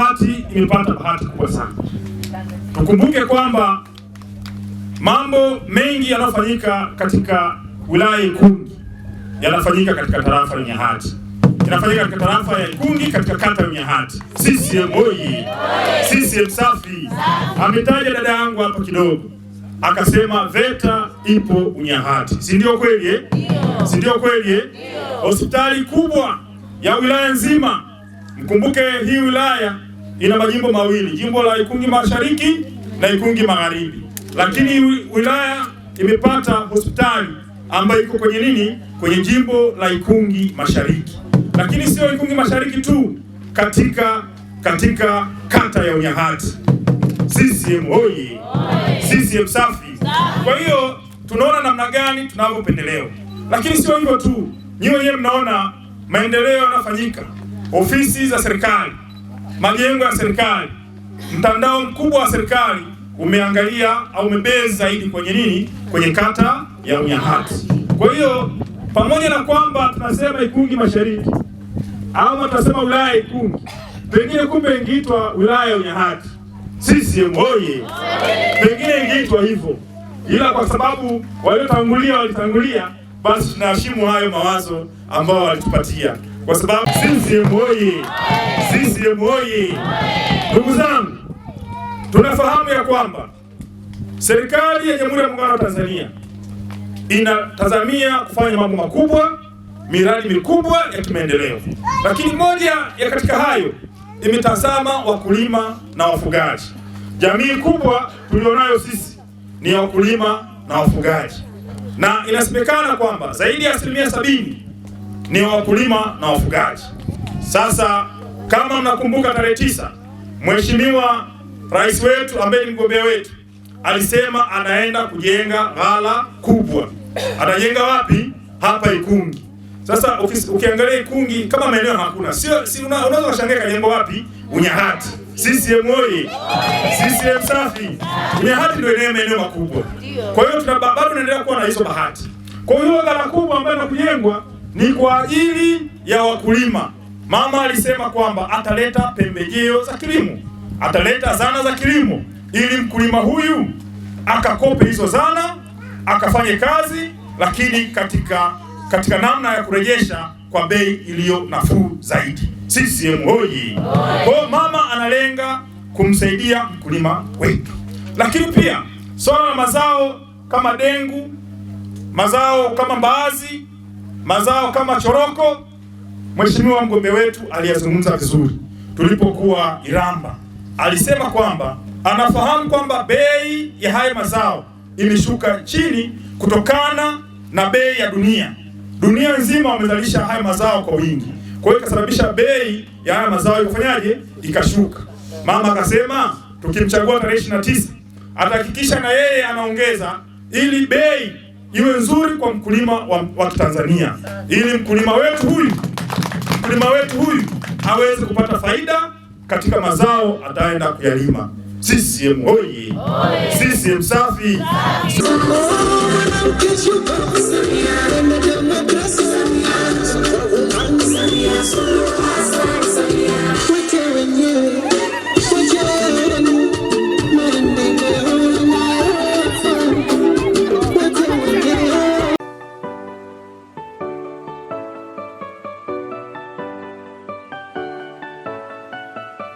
Bahati imepata bahati kubwa sana. Tukumbuke kwamba mambo mengi yanayofanyika katika wilaya Ikungi yanafanyika katika tarafa ya Nyahati, inafanyika katika tarafa ya Ikungi katika kata ya Nyahati. CCM oye! CCM safi! Ametaja dada yangu hapo kidogo akasema VETA ipo Unyahati, si ndio kweli eh? si ndio kweli eh? hospitali kubwa ya wilaya nzima. Mkumbuke hii wilaya ina majimbo mawili, jimbo la Ikungi Mashariki na Ikungi Magharibi, lakini wilaya imepata hospitali ambayo iko kwenye nini, kwenye jimbo la Ikungi Mashariki. Lakini sio Ikungi Mashariki tu, katika katika kata ya Unyahati. CCM oye! CCM safi! Kwa hiyo tunaona namna gani tunavyopendeleo, lakini sio hivyo tu, nyinyi wenyewe mnaona maendeleo yanayofanyika ofisi za serikali majengo ya serikali, mtandao mkubwa wa serikali umeangalia au umebezi zaidi kwenye nini? Kwenye kata ya Unyahati. Kwa hiyo pamoja na kwamba tunasema Ikungi Mashariki ama tunasema wilaya Ikungi, pengine kumbe ingeitwa wilaya ya Unyahati, sisi oye, pengine ingeitwa hivyo, ila kwa sababu waliotangulia walitangulia, basi tunaheshimu hayo mawazo ambao walitupatia, kwa sababu sisi oye CCM oyee! Ndugu zangu, tunafahamu ya kwamba serikali ya Jamhuri ya Muungano wa Tanzania inatazamia kufanya mambo makubwa, miradi mikubwa ya kimaendeleo, lakini moja ya katika hayo imetazama wakulima na wafugaji. Jamii kubwa tulionayo sisi ni ya wakulima na wafugaji, na inasemekana kwamba zaidi ya asilimia sabini ni wakulima na wafugaji. Sasa kama mnakumbuka tarehe tisa, Mheshimiwa Rais wetu ambaye ni mgombea wetu alisema anaenda kujenga ghala kubwa. Atajenga wapi? Hapa Ikungi. Sasa ukiangalia Ikungi kama maeneo hakuna, sio si, unaweza kushangaa kajengo wapi? Unyahati. CCM oye! CCM safi! Unyahati ndio eneo maeneo makubwa. Kwa hiyo tuna bado tunaendelea kuwa na hizo bahati. Kwa hiyo ghala kubwa ambayo inakujengwa ni kwa ajili ya wakulima. Mama alisema kwamba ataleta pembejeo za kilimo, ataleta zana za kilimo ili mkulima huyu akakope hizo zana akafanye kazi, lakini katika katika namna ya kurejesha kwa bei iliyo nafuu zaidi. CCM hoyi! Kwa mama analenga kumsaidia mkulima wetu, lakini pia swala la mazao kama dengu, mazao kama mbaazi, mazao kama choroko Mheshimiwa mgombea wetu aliyazungumza vizuri tulipokuwa Iramba, alisema kwamba anafahamu kwamba bei ya haya mazao imeshuka chini kutokana na bei ya dunia. Dunia nzima wamezalisha haya mazao kwa wingi, kwa hiyo ikasababisha bei ya haya mazao ikafanyaje, ikashuka. Mama akasema tukimchagua tarehe ishirini na tisa atahakikisha na yeye anaongeza ili bei iwe nzuri kwa mkulima wa, wa Kitanzania ili mkulima wetu huyu mkulima wetu huyu aweze kupata faida katika mazao ataenda kuyalima. CCM hoye! CCM safi!